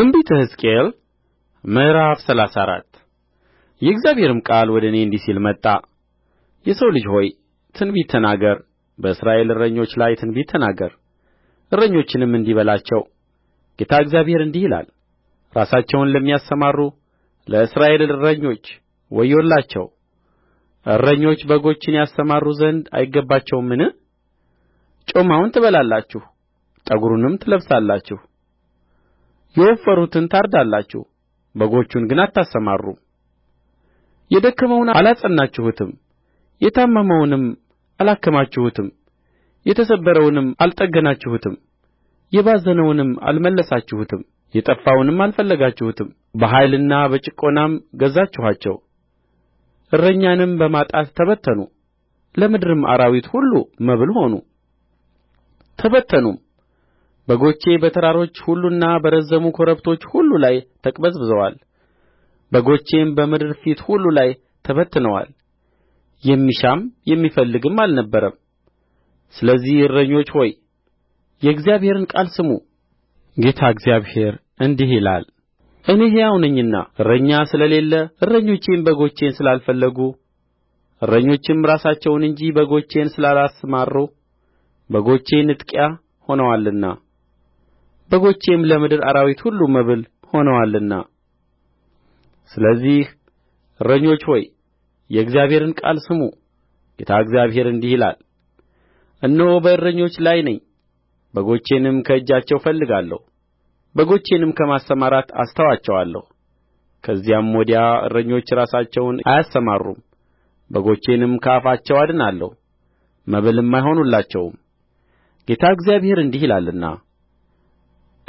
ትንቢተ ሕዝቅኤል ምዕራፍ ሰላሳ አራት የእግዚአብሔርም ቃል ወደ እኔ እንዲህ ሲል መጣ የሰው ልጅ ሆይ ትንቢት ተናገር በእስራኤል እረኞች ላይ ትንቢት ተናገር እረኞችንም እንዲህ በላቸው ጌታ እግዚአብሔር እንዲህ ይላል ራሳቸውን ለሚያሰማሩ ለእስራኤል እረኞች ወዮላቸው እረኞች በጎችን ያሰማሩ ዘንድ አይገባቸውምን ጮማውን ትበላላችሁ ጠጕሩንም ትለብሳላችሁ የወፈሩትን ታርዳላችሁ በጎቹን ግን አታሰማሩም የደከመውን አላጸናችሁትም የታመመውንም አላከማችሁትም የተሰበረውንም አልጠገናችሁትም የባዘነውንም አልመለሳችሁትም የጠፋውንም አልፈለጋችሁትም በኃይልና በጭቈናም ገዛችኋቸው እረኛንም በማጣት ተበተኑ ለምድርም አራዊት ሁሉ መብል ሆኑ ተበተኑም በጎቼ በተራሮች ሁሉና በረዘሙ ኮረብቶች ሁሉ ላይ ተቅበዝብዘዋል በጎቼም በምድር ፊት ሁሉ ላይ ተበትነዋል የሚሻም የሚፈልግም አልነበረም ስለዚህ እረኞች ሆይ የእግዚአብሔርን ቃል ስሙ ጌታ እግዚአብሔር እንዲህ ይላል እኔ ሕያው ነኝና እረኛ ስለሌለ እረኞቼም በጎቼን ስላልፈለጉ እረኞችም ራሳቸውን እንጂ በጎቼን ስላላሰማሩ በጎቼ ንጥቂያ ሆነዋልና በጎቼም ለምድር አራዊት ሁሉ መብል ሆነዋልና ስለዚህ እረኞች ሆይ የእግዚአብሔርን ቃል ስሙ ጌታ እግዚአብሔር እንዲህ ይላል እነሆ በእረኞች ላይ ነኝ በጎቼንም ከእጃቸው እፈልጋለሁ በጎቼንም ከማሰማራት አስተዋቸዋለሁ ከዚያም ወዲያ እረኞች ራሳቸውን አያሰማሩም በጎቼንም ከአፋቸው አድናለሁ መብልም አይሆኑላቸውም ጌታ እግዚአብሔር እንዲህ ይላልና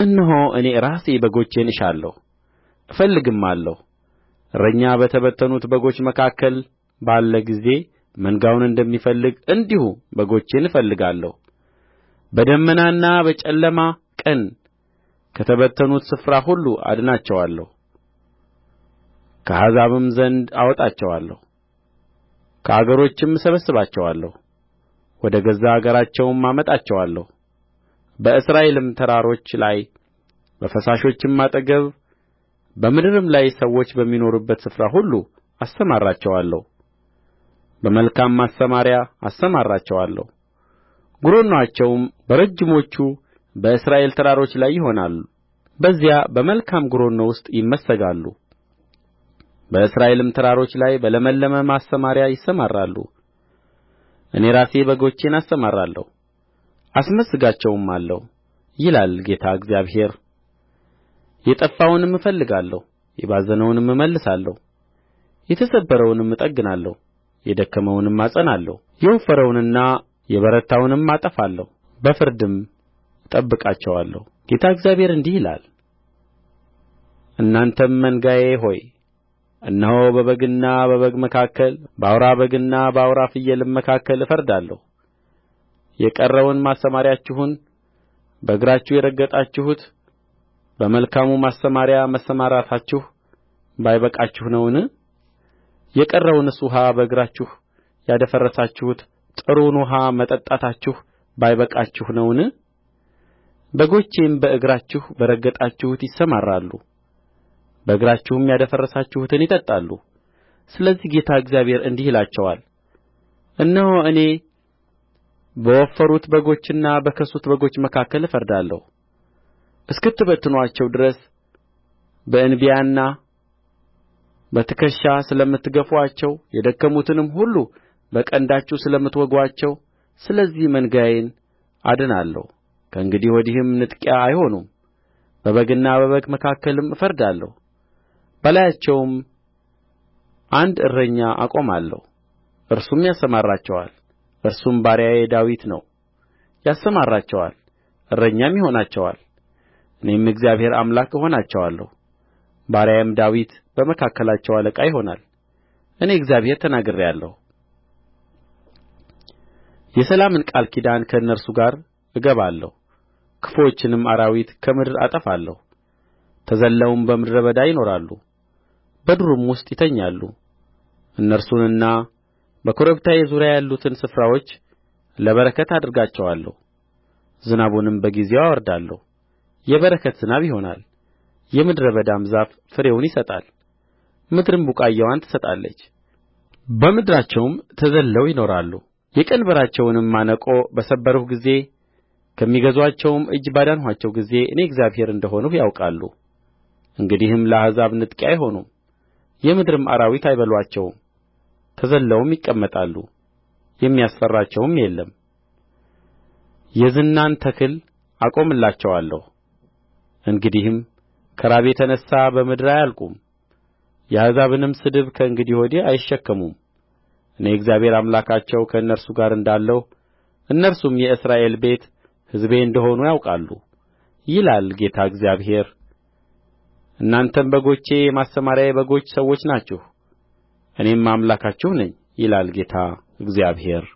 እነሆ እኔ ራሴ በጎቼን እሻለሁ እፈልግማለሁ እረኛ በተበተኑት በጎች መካከል ባለ ጊዜ መንጋውን እንደሚፈልግ እንዲሁ በጎቼን እፈልጋለሁ በደመናና በጨለማ ቀን ከተበተኑት ስፍራ ሁሉ አድናቸዋለሁ ከአሕዛብም ዘንድ አወጣቸዋለሁ ከአገሮችም እሰበስባቸዋለሁ ወደ ገዛ አገራቸውም አመጣቸዋለሁ በእስራኤልም ተራሮች ላይ በፈሳሾችም አጠገብ በምድርም ላይ ሰዎች በሚኖሩበት ስፍራ ሁሉ አሰማራቸዋለሁ በመልካም ማሰማርያ አሰማራቸዋለሁ ጕረኖአቸውም በረጅሞቹ በእስራኤል ተራሮች ላይ ይሆናል በዚያ በመልካም ጕረኖ ውስጥ ይመሰጋሉ በእስራኤልም ተራሮች ላይ በለመለመ ማሰማርያ ይሰማራሉ እኔ ራሴ በጎቼን አሰማራለሁ አስመስጋቸውማለሁ ይላል ጌታ እግዚአብሔር የጠፋውንም እፈልጋለሁ የባዘነውንም እመልሳለሁ የተሰበረውንም እጠግናለሁ የደከመውንም አጸናለሁ የወፈረውንና የበረታውንም አጠፋለሁ በፍርድም እጠብቃቸዋለሁ ጌታ እግዚአብሔር እንዲህ ይላል እናንተም መንጋዬ ሆይ እነሆ በበግና በበግ መካከል በአውራ በግና በአውራ ፍየልም መካከል እፈርዳለሁ የቀረውን ማሰማርያችሁን በእግራችሁ የረገጣችሁት በመልካሙ ማሰማርያ መሰማራታችሁ ባይበቃችሁ ነውን የቀረውንስ ውኃ በእግራችሁ ያደፈረሳችሁት ጥሩውን ውኃ መጠጣታችሁ ባይበቃችሁ ነውን በጎቼም በእግራችሁ በረገጣችሁት ይሰማራሉ በእግራችሁም ያደፈረሳችሁትን ይጠጣሉ ስለዚህ ጌታ እግዚአብሔር እንዲህ ይላቸዋል እነሆ እኔ በወፈሩት በጎችና በከሱት በጎች መካከል እፈርዳለሁ እስክትበትኑአቸው ድረስ በእንቢያና በትከሻ ስለምትገፉአቸው የደከሙትንም ሁሉ በቀንዳችሁ ስለምትወጉአቸው ስለዚህ መንጋዬን አድናለሁ ከእንግዲህ ወዲህም ንጥቂያ አይሆኑም በበግና በበግ መካከልም እፈርዳለሁ በላያቸውም አንድ እረኛ አቆማለሁ እርሱም ያሰማራቸዋል እርሱም ባሪያዬ ዳዊት ነው ያሰማራቸዋል እረኛም ይሆናቸዋል እኔም እግዚአብሔር አምላክ እሆናቸዋለሁ ባሪያዬም ዳዊት በመካከላቸው አለቃ ይሆናል እኔ እግዚአብሔር ተናግሬአለሁ የሰላምን ቃል ኪዳን ከእነርሱ ጋር እገባለሁ ክፉዎችንም አራዊት ከምድር አጠፋለሁ ተዘልለውም በምድረ በዳ ይኖራሉ በዱርም ውስጥ ይተኛሉ እነርሱንና በኮረብታዬ ዙሪያ ያሉትን ስፍራዎች ለበረከት አደርጋቸዋለሁ ዝናቡንም በጊዜው አወርዳለሁ የበረከት ዝናብ ይሆናል የምድረ በዳም ዛፍ ፍሬውን ይሰጣል ምድርም ቡቃያዋን ትሰጣለች በምድራቸውም ተዘልለው ይኖራሉ የቀንበራቸውንም ማነቆ በሰበርሁ ጊዜ ከሚገዙአቸውም እጅ ባዳንኋቸው ጊዜ እኔ እግዚአብሔር እንደ ሆንሁ ያውቃሉ እንግዲህም ለአሕዛብ ንጥቂያ አይሆኑም የምድርም አራዊት አይበሉአቸውም ተዘልለውም ይቀመጣሉ የሚያስፈራቸውም የለም የዝናን ተክል አቆምላቸዋለሁ እንግዲህም ከራብ የተነሣ በምድር አያልቁም የአሕዛብንም ስድብ ከእንግዲህ ወዲህ አይሸከሙም እኔ እግዚአብሔር አምላካቸው ከእነርሱ ጋር እንዳለሁ እነርሱም የእስራኤል ቤት ሕዝቤ እንደ ሆኑ ያውቃሉ ይላል ጌታ እግዚአብሔር እናንተም በጎቼ የማሰማሪያዬ በጎች ሰዎች ናችሁ እኔም አምላካችሁ ነኝ ይላል ጌታ እግዚአብሔር